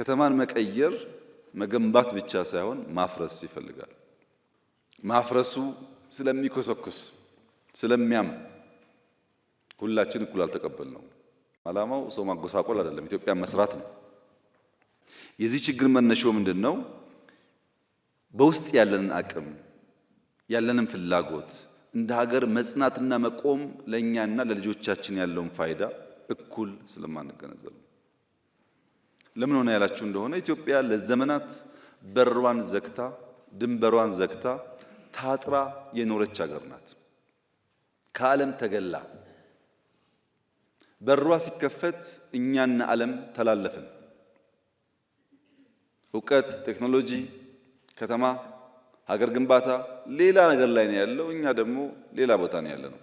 ከተማን መቀየር መገንባት ብቻ ሳይሆን ማፍረስ ይፈልጋል። ማፍረሱ ስለሚኮሰኩስ ስለሚያም ሁላችን እኩል አልተቀበልነውም። ዓላማው ሰው ማጎሳቆል አይደለም፣ ኢትዮጵያ መስራት ነው። የዚህ ችግር መነሻው ምንድን ነው? በውስጥ ያለንን አቅም ያለንን ፍላጎት እንደ ሀገር መጽናትና መቆም ለእኛና ለልጆቻችን ያለውን ፋይዳ እኩል ስለማንገነዘብ ለምን ሆነ ያላችሁ እንደሆነ ኢትዮጵያ ለዘመናት በሯን ዘግታ ድንበሯን ዘግታ ታጥራ የኖረች ሀገር ናት። ከዓለም ተገላ በሯ ሲከፈት እኛና ዓለም ተላለፍን። እውቀት፣ ቴክኖሎጂ፣ ከተማ፣ ሀገር ግንባታ ሌላ ነገር ላይ ነው ያለው፣ እኛ ደግሞ ሌላ ቦታ ነው ያለ ነው።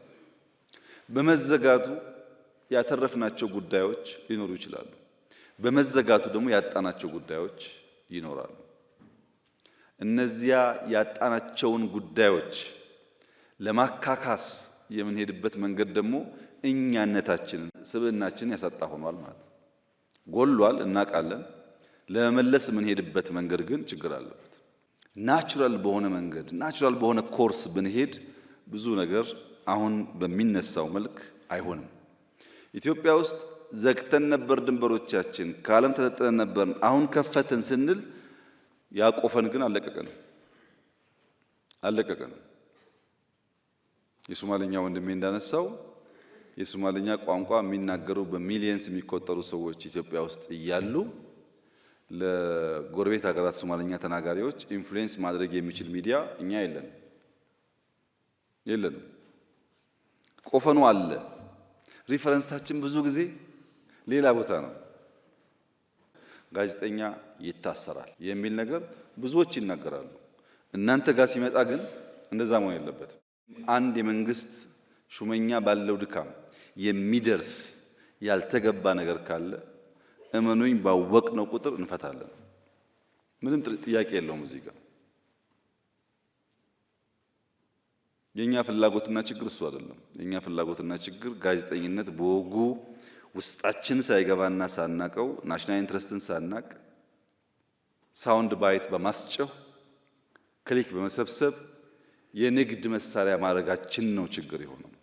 በመዘጋቱ ያተረፍናቸው ጉዳዮች ሊኖሩ ይችላሉ። በመዘጋቱ ደግሞ ያጣናቸው ጉዳዮች ይኖራሉ። እነዚያ ያጣናቸውን ጉዳዮች ለማካካስ የምንሄድበት መንገድ ደግሞ እኛነታችንን ስብዕናችንን ያሳጣ ሆኗል ማለት ነው። ጎሏል፣ እናውቃለን። ለመመለስ የምንሄድበት መንገድ ግን ችግር አለበት። ናቹራል በሆነ መንገድ ናቹራል በሆነ ኮርስ ብንሄድ ብዙ ነገር አሁን በሚነሳው መልክ አይሆንም። ኢትዮጵያ ውስጥ ዘግተን ነበር ድንበሮቻችን፣ ከዓለም ተለጥለን ነበር። አሁን ከፈትን ስንል ያቆፈን ግን አለቀቀን አለቀቀን። የሶማልኛ ወንድሜ እንዳነሳው የሶማልኛ ቋንቋ የሚናገሩ በሚሊየንስ የሚቆጠሩ ሰዎች ኢትዮጵያ ውስጥ እያሉ ለጎረቤት ሀገራት ሶማልኛ ተናጋሪዎች ኢንፍሉዌንስ ማድረግ የሚችል ሚዲያ እኛ የለን የለንም። ቆፈኑ አለ። ሪፈረንሳችን ብዙ ጊዜ ሌላ ቦታ ነው። ጋዜጠኛ ይታሰራል የሚል ነገር ብዙዎች ይናገራሉ። እናንተ ጋር ሲመጣ ግን እንደዛ መሆን የለበትም። አንድ የመንግስት ሹመኛ ባለው ድካም የሚደርስ ያልተገባ ነገር ካለ እመኑኝ ባወቅነው ቁጥር እንፈታለን። ምንም ጥያቄ የለውም። እዚህ ጋር የእኛ ፍላጎትና ችግር እሱ አይደለም። የእኛ ፍላጎትና ችግር ጋዜጠኝነት በወጉ ውስጣችን ሳይገባና ሳናቀው ናሽናል ኢንትረስትን ሳናቅ ሳውንድ ባይት በማስጨው ክሊክ በመሰብሰብ የንግድ መሳሪያ ማድረጋችን ነው ችግር የሆነው።